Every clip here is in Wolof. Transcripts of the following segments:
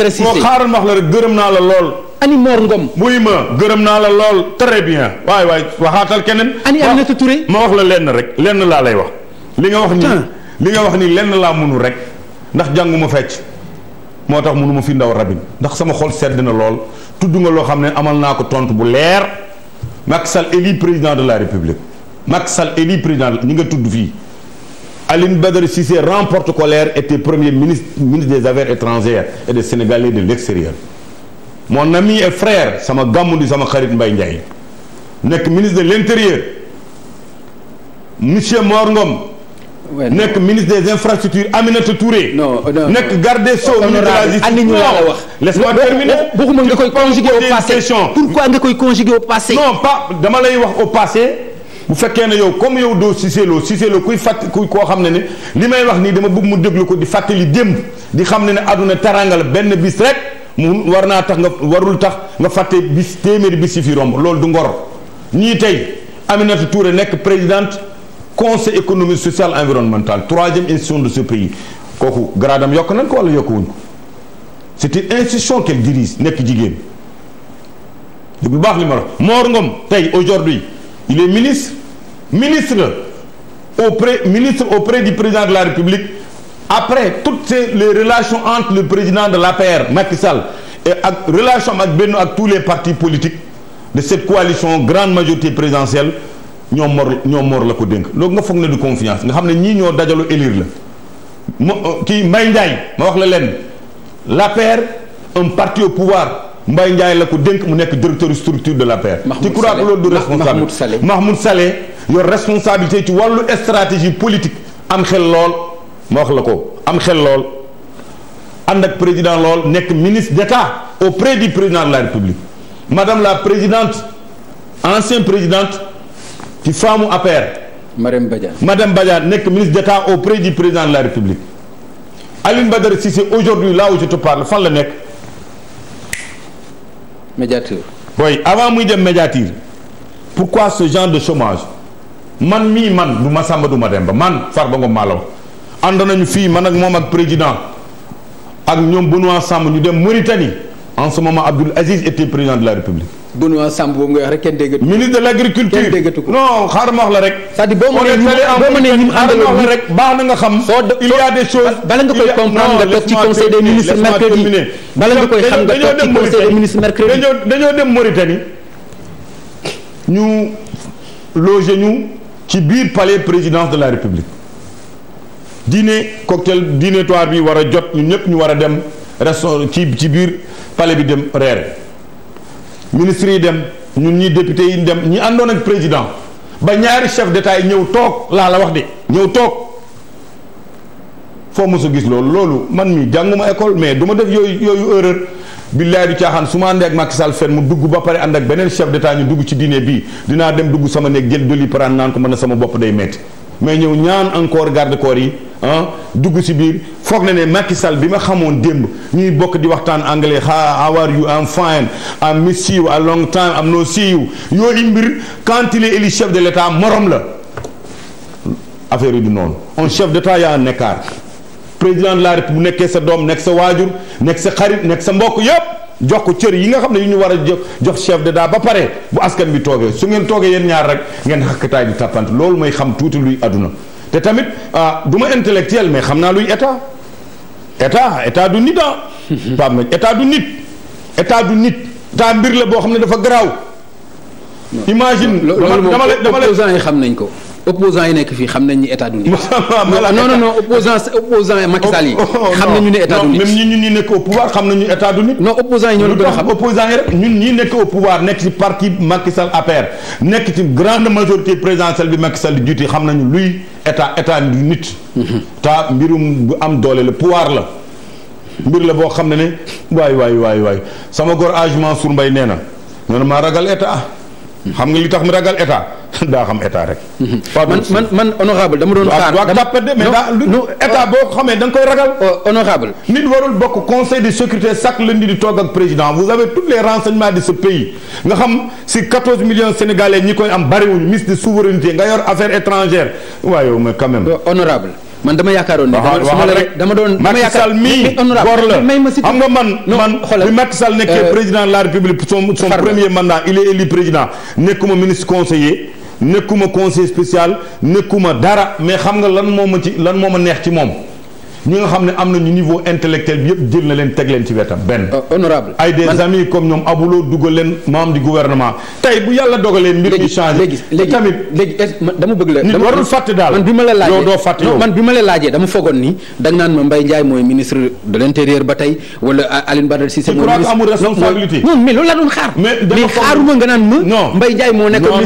moo xaaral ma wax la rek gërëm naa la lool. Ani Mor Ngom. muy ma gërëm naa la lool tre bien waaye waay waxaatal keneen. Ani Aminata Touré ma wax la lenn rek lenn laa lay wax. li nga wax ni li nga wax ni lenn laa mënul rek ndax jànguma fecc moo tax mënuma fi ndaw rabin ndax sama xol sedd na lool tudd nga loo xam ne amal naa ko tontu bu leer Macky sal élu président de la République Macky sal élu président ñi nga tudd fii. Aline Badara Cissé remporte colère était premier ministre ministre des affaires étrangères et des Sénégalais de l'extérieur mon ami et frère sama gàmmu sama xarit Mbaye Ndiaye nekk ministre de l'intérieur monsieur Mor nekk ministre des infrastructures Aminata Touré. nekk garde des Sceaux ministre wax. laisse-moi terminer waxuma nga koy conjuguer au au passé. non pas wax au passé. bu fekkee ne yow comme yow doo Cissé Lo Cissé kuy fàtt kuy koo xam ne ne li may wax nii dama bëgg mu déglu ko di fàttali démb di xam ne ne àdduna taranga benn bis rek mu war naa tax nga warul tax nga fàtte bis téeméeri bis yi fi romb loolu du ngor ñii tey Aminata Touré nekk présidente conseil économique social environnemental troisième institution de ce pays kooku gradam yokk nañ ko wala yokkuwuñ ko c'est une institution qu'elle dirige nekk jigéen bu baax li ma wax Mor Ngom tey aujourd'hui il est ministre ministre auprès ministre auprès du président de la République après toutes ces les relations entre le président de l'APR Macky Sall et ak relation ak benn ak tous les partis politiques de cette coalition grande majorité présidentielle ñoo mor ñoo mor la ko dénk loolu nga foog ne du confiance nga xam ne ñii ñoo dajalu élire la mo euh, kii Mbaye Ndiaye ma wax la leen l'APR un parti au pouvoir mbay Ndiaye la ko dénk mu nekk directeur structure de la tu crois que loolu du responsable Mahmoud Saleh yor responsabilité ci wàllu stratégie politique am xel lool ma wax la ko am xel lool ànd ak président lool nekk ministre d'État auprès du président de la République madame la présidente ancienne présidente ci faamu APR Marème Badiane madame Badiane nekk ministre d'État auprès du président de la République Alioune Badara Cissé aujourd'hui là où je parle fan la nekk médiature. oui avant muy dem médiature pourquoi ce genre de chomage man mii man du ma Samba dem ma man Farba Ngom maa la wax ànd nañu fii man ak moom ak président ak ñoom Benoît Sambou ñu dem Mauritanie en ce moment Abdoul Aziz était président de la République. Benoît Samb boobu nga wax rek ministre de l' agriculture xaaral ma wax la rek. c'est-à-dire boo mënee ñu mënee ñu àndaloon nii rek baax na nga xam. soo de il y a des choses koy comprendre nga toog ci conseil des ministres mercredi. bala nga koy xam nga toog ci dañoo dem Mauritanie ñu loger ñu ci biir palais présidence de la république dîner cocktail dînatoire bi war a jot ñun ñëpp ñu war a dem restaurant ci ci biir pale bi dem reer. ministre yi dem ñun ñi député yi dem ñi àndoon ak président ba ñaari chef d'état yi ñëw toog laa la wax de ñëw toog foo mos a gis loolu loolu man mi jànguma école mais duma def yooyu yooyu erreur billaay du caaxaan su ma àndee ak Macky Sall fen mu dugg ba pare ànd ak beneen chef d'état ñu dugg ci dîner bii dinaa dem dugg sama néeg jël doli paraan naan ko mën a sama bopp day metti mais ñëw ñaan encore garde corps yi ah dugg si biir foog na ne Macky Sall bi ma xamoon démb ñuy bokk di waxtaan anglais how are you I'm fine I miss you a long time am no see you yooyu mbir quand il chef de l'état moroom la affaire yi du noonu un chef d'état yaa un écart président de la bu nekkee sa doom nekk sa waajur nekk sa xarit nekk sa mbokk yépp jox ko cër yi nga xam ne yu ñu war a jox jox chef d'état ba pare bu askan bi toogee su ngeen toogee yéen ñaar rek ngeen xakkataay di loolu mooy xam tuuti luy àdduna te tamit ah du ma intellectuel mais xam naa luy état état état du nit ah. Pape Mbodj état du nit. état du nit. état mbir la boo xam ne dafa garaaw. imagine dama la dama la opposant yi xam nañ ko. opposant yi nekk fii xam nañ ni état du nit. non non non opposant opposant Macky Sall yi. Oh, oh, oh, xam nañu ne état du nit même ñun ñi nekk au pouvoir xam nañu état du nit. non opposant yi ñoo la gën a xam opposant yi rek ñun ñi nekk au pouvoir nekk ci parti Macky Sall APR nekk ci grande majorité présidentielle bi Macky Sall di jiite xam nañu luy. état état nit. ta mbirum bu am doole la pouvoir la. mbir la boo xam ne ne waay waay waay waay sama gor age Mansour mbay nee na nee na maa ragal état. xam nga li tax mu ragal état daa xam état rek. waaw man man man dama doon xaar. waaw waaw mais daa lu état boo ko xamee da nga koy ragal. Euh, honorable nit warul bokk conseil de sécurité chaque lundi di toog ak président vous avez tous les renseignements de ce pays nga xam si 14 millions ñi koy am bariwuñ ministre de souveraineté nga yor affaires étrangères waaye yow mais quand même. Euh, honorable man dama yaakaaroon ne dama doon dama yaakaar mi góor la may ma si xam nga man man bi Macky Sall nekkee euh, président de la République son son premier mandat il est élu président nekkuma ministre conseiller nekkuma conseiller spécial nekkuma dara mais xam nga lan moo ma ci lan moo ma neex ci moom ñi nga xam ne am nañu niveau intellectuel bi yëpp jël na leen teg leen ci wetam benn. Euh, honorable ay des comme ñoom abuloo dugal leen membre du gouvernement tey bu yàlla dogalee. mbir mi changé léegi dama bëgg la. nit fàtte daal man bi ma la laajee dama foogoon ni da naan ma Mbaye Ndiaye mooy ministre de l'intérieur ba tey wala Alioune Badara Cissé. mooy moo nekkoon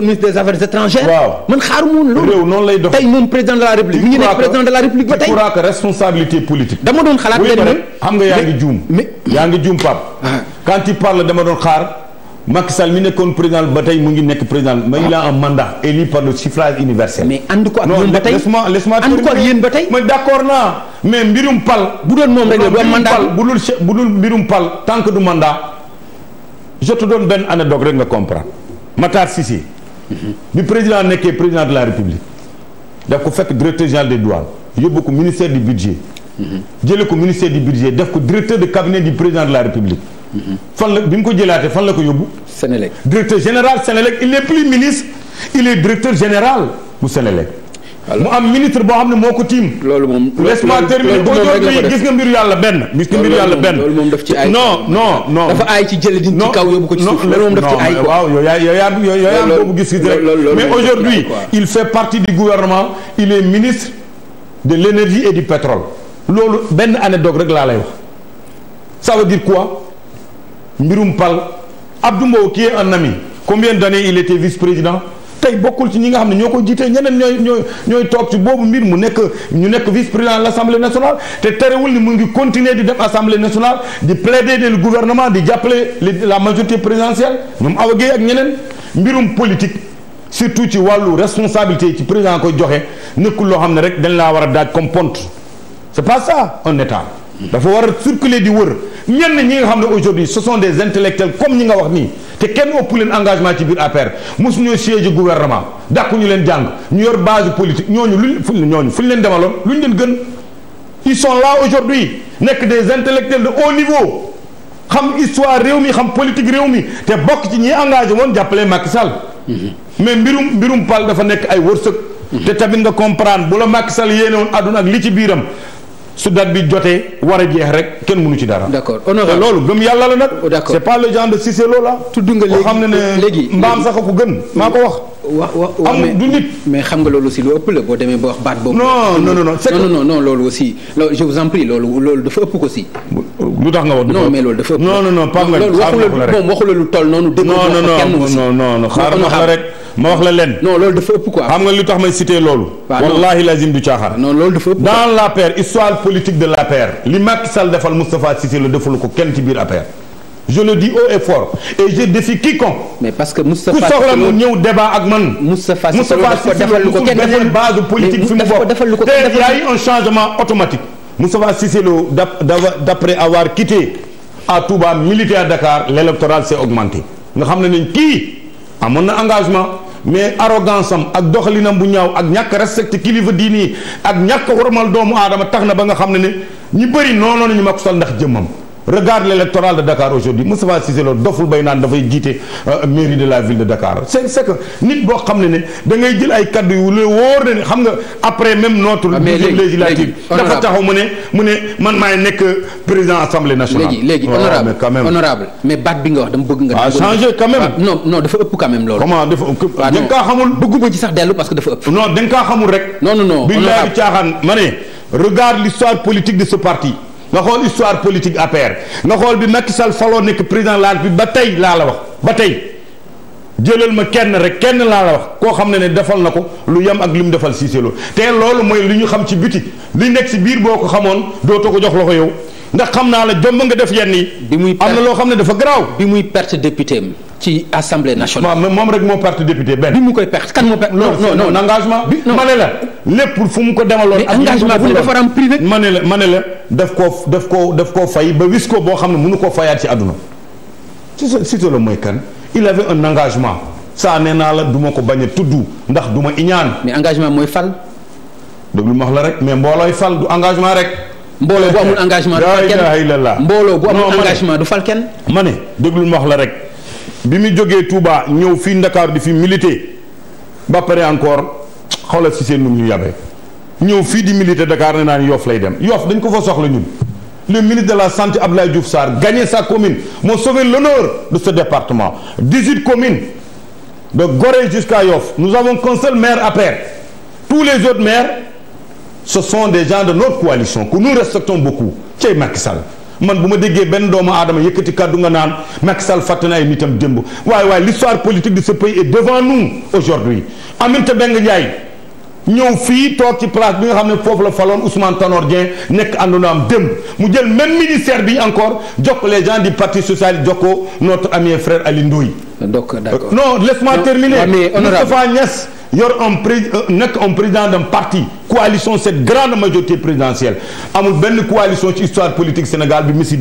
ministre de l'intérieur Alioune waaw man xaaruma loolu. réew moom président de la république président de la république ba tey. responsabilité politique. dama doon xalaat lenn nga yaa ngi juum. mais yaa ngi juum Pape. Ah. dama doon xaar. Macky Sall mi nekkoon président ba tey mu ngi nekk président mais il a un mandat élu par le suffrage universel. mais ko ak yéen ba tey non laisse-moi ba tey. mais d'accord naa mais mbirum pal. bu doon moom rek bu bu mbirum pal tant que du mandat. je doon benn benn anecdote rek nga comprendre Matar Cissé. Mm-hmm. bi président nekkee président de la république. daf ko fekk directeur général de douanes yóbbu ko ministère du budget jële ko ministère du budget def ko directeur de cabinet du président de la république fan la bi mu ko jëlaatee fan la ko yóbbu Sénélec directeur général Sénélec il est plus ministre il est directeur général bu Sénélec mu am ministre boo xam ne moo ko tiim. loolu moom laisse-moi terminer aujourd'hui gis nga mbiru yàlla benn. gis nga mbiru yàlla benn loolu moom daf ci ay. non ko ci suuf. loolu moom daf ci ay quoi waaw yow yaa yow yaa yow yaa boobu gis-gis rek mais aujourd'hui il fait partie du gouvernement il est ministre de l'énergie et du pétrole loolu benn anecdote rek laa lay wax ça veut dire quoi mbirum pal Abdou Mbow qui est un ami combien d'années il était vice-président. tey bokkul ci ñi nga xam ne ñoo ko jiite ñeneen ñooy ñooy ñooy toog ci boobu mbir mu nekk ñu nekk vice président de l'Assemblée nationale te terewul ni mu ngi continuer di dem Assemblée nationale di plaider le gouvernement di jàppale la majorité présidentielle ñoom Awa Gueye ak ñeneen mbirum politique. surtout ci wàllu responsabilité ci président koy joxe nekkul loo xam ne rek dañ laa war a daaj comme ponte c'est pas ça un état dafa war a circuler di wër ñenn ñi nga xam ne aujourd'hui ce sont des intellectuels comme ñi nga wax nii te kenn ëpp leen engagement ci biir APR mosu ñoo siège gouvernement dàkku ñu leen jàng ñu yor base politique ñooñu luñ fuñ ñooñu fuñ leen demaloon luñ leen gën ils la là aujourd'hui nekk des intellectuels de haut niveau xam histoire réew mi xam politique réew mi te bokk ci ñi engagé woon jàppale Macky Sall mais mbirum mbirum pal dafa nekk ay wërsëg mhm. te tamit nga comprendre bu la Macky Sall yéene àdduna ak li ci biiram su date bi jotee war a jeex rek kenn mënu ci dara. d'accord honorable loolu gëm yàlla la nag. d'accord c'est pas le genre de Cissé Lo la. tudd nga léegi xam mbaam sax ko gën maa ko wax. wa wa am du nit. mais xam nga loolu aussi lu ëpp la boo ba wax baat boobu. non non non non non non loolu aussi loolu loolu loolu dafa ëpp ko si. lu tax nga wax du non mais loolu dafa ëpp. non non non Pape Ngagne xaaral waxu la lu toll noonu. dëgg non non non non xaaral ma wax rek. ma wax la leen. non loolu dafa ëpp quoi. xam nga lu tax may cité loolu. wallahi lazim du caaxaan. non loolu dafa ëpp dans l'APR histoire politique de l'APR. li Macky defal Moustapha Cissé Lo ko kenn ci biir APR. je le dis haut et et je défie quiconque. mais parce que Moustapha ku soxla mu ñëw débat ak man. Moustapha Cissé Lo dafa defal lu ko kenn defal base politique fi mu bokk te y a eu un changement automatique. Moustapha Cissé Lo d'après avoir quitté à Touba milité Dakar l'électorat s'est augmenté nga xam ne nañ kii amoon na engagement. mais arrogance am ak doxalinam bu ñaaw ak ñàkk respecté kilifa diine yi ak ñàkk warmal doomu aadama tax na ba nga xam ne ni ñu bëri noonu ñu ma ko ndax jëmmam regarde l'électorat de Dakar aujourd'hui Moustapha Cissé Lo doful bay naan dafay jiite euh, mairie de la ville de Dakar c'est c'est que nit boo xam ne ne da ngay jël ay kaddu la wóor ne xam nga après même notre ah, législative dafa taxaw mu ne mu ne man maay nekk président assemblée nationale honorable mais baat bi nga wax dama bëgg nga ah changé nga ah, kaa xamul sax dellu parce que dafa ëpp non da kaa xamul rek non non non caaxaan ma ne regarde l'histoire politique parti nga xool histoire politique APR nga xool bi Macky Sall faloo nekk président laal bi ba tey laa la wax ba tey jëlal ma kenn rek kenn laa la wax koo xam ne ne defal na ko lu yem ak li mu defal Cissé Lo te loolu mooy li ñu xam ci biti li nekk si biir boo ko xamoon dootoo ko jox loxo yow ndax xam naa la jomb nga def yenn yi. bi muy am na loo xam ne dafa garaaw. bi muy perte député am ci assemblée nationale. waaw moom rek moo parti député benn. bi mu koy perte kan moo perte. non non non ma ne la lépp fu mu ko demaloon. ak engagement bi dafa am privé. ma ne la ma ne la daf koo daf koo daf koo fay ba wis ko boo xam ne mënu koo fayaat ci àdduna. ci sa Siteu la mooy kan il avait un engagement saa nee naa la du ma ko bañ a tudd ndax du ma iñaan. mais engagement mooy fal. déglu ma wax la rek mais mboolooy fal du engagement rek. mbooloo bu amul engagement. du fal kenn mbooloo bu amul engagement du fal kenn. ma ne déglu ma wax la rek. bi mu jógee Touba ñëw fii Ndakaaru di fi milité ba pare encore xawla si seen num ñu yabee ñëw fii di milité Dakar ne naan yoof lay dem yoof dañ ko fa soxla ñun le ministre de la santé Abdoulaye Diouf saar gagné sa commune moo sauvé l'honneur de ce département 18 communes de Gorée jusqu'à Yoff nous avons qu'un seul maire à tous les autres maires ce sont des gens de notre coalition que nous respectons beaucoup cey Macky sal man bu ma déggee benn doomu aadama yëkkati kàddu nga naan Macky Sall fàtte na ay nitam démb waaye waaye l'histoire politique de ce pays est devant nous aujourd'hui Aminata Mbengue Ndiaye ñëw fii toog ci place bi nga xam ne foofu la faloon Ousmane Tanor Dieng nekk am démb mu jël même ministère bi encore jox les gens du parti socialiste jox ko notre ami frère Ali Ndoye donc d'accord euh, non laisse-moi terminer Moustapha Niass yor un pré euh, nekk un président d'un parti coalition cette grande majorité présidentielle amul benn coalition ci histoire politique Sénégal bi mu si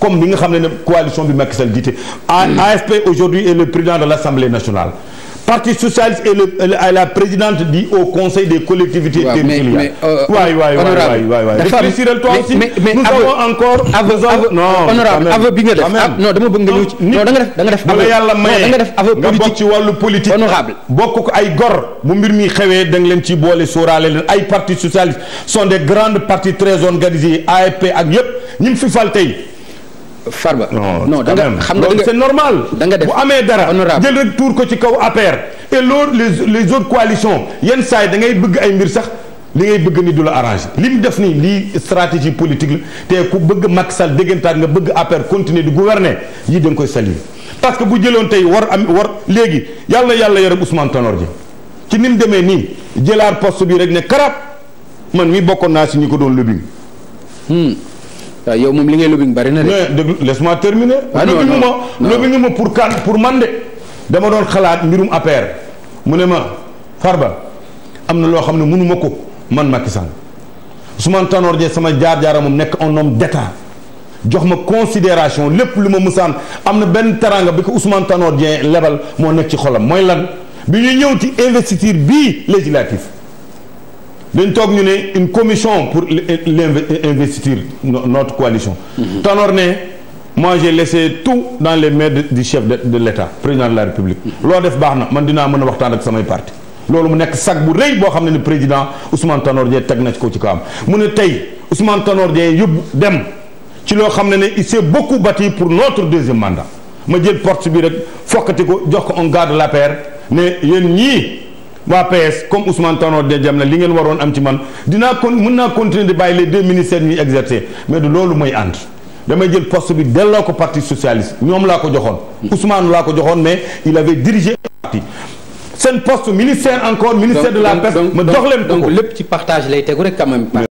comme bi nga xam ne ne coalition bi Macky Sall jiite AFP hmm. aujourd'hui est le président de l'Assemblée nationale parti socialiste et la présidente du haut conseil des collectivités ouais, territoriales. waay waay waay waay waay. réfléchir toi aussi. mais mais nous encore. aveu non honorable aveu bi def. Ah, non dama bëgg nga ñëw ci. non da nga def da nga def aveu yàlla maye nga bokk ci wàllu politique. honorable bokk ko ay gor. bu mbir mi xewee dang leen ci boole sóoraale leen ay parti socialiste sont des grandes partis très organisés AFP ak yëpp ñu fi fal tey. Farba. non da nga xam nga c'est normal. da nga def bu amee dara jël rek tuur ko ci kaw APR. et loolu les les autres coalitions yenn saa yi da ngay bëgg ay mbir sax li ngay bëgg ni du la arrangé li mu def nii lii stratégie politique la te ku bëgg Macky Sall déggantaat nga bëgg APR continuer di gouverner yii da nga koy saluer parce que bu jëloon tey war am war léegi yàlla yàlla yaram Ousmane Tanor ji ci ni mu demee nii jëlaat poste bi rek ne karab man mi bokkoon naa si ñu ko doon lobbying. Hmm. waaw yow moom li ngay lobbying bari na de. mais déglu laisse-moi terminer. ah non non ma ma pour kan pour man de. dama doon xalaat mbirum APR mu ne ma Farba am na loo xam ne mënuma ko man Macky Sall Ousmane Tanor Dieng sama jaar-jaara moom nekk un homme d'état jox ma considération lépp lu ma musaan am na benn teraanga bi ko Ousmane Tanor jee lebal moo nekk ci xolam mooy lan bi ñuy ñëw ci investiture bi législatif dañ toog ñu ne une commission pour l'investiture notre coalition mhm. Tanor ne moi j'ai laissé tout dans les mains du chef de l'État président de la République mhm. loo def baax na man dinaa mën a waxtaan ak samay parti loolu mu nekk sac bu rëy boo xam ne ne président Ousmane Tanor Dieng teg na ko ci am mu ne tey Ousmane Tanor Dieng yóbbu dem ci loo xam ne ne il s'est beaucoup bâti pour notre deuxième mandat ma jël porte bi rek fokkati ko jox ko un garde la paire ne ñii waa PS comme Ousmane Tanor Dieng jam na li ngeen waroon am ci man dinaa kon mën naa continuer di bàyyi les deux ministères ñuy exercer mais du loolu mooy ànd damay jël poste bi delloo ko parti socialiste ñoom laa ko joxoon. Ousmane laa ko joxoon mais il avait dirigé seen poste ministère encore ministère de la pêche ma jox leen ko lépp ci partage lay tegu rek quand même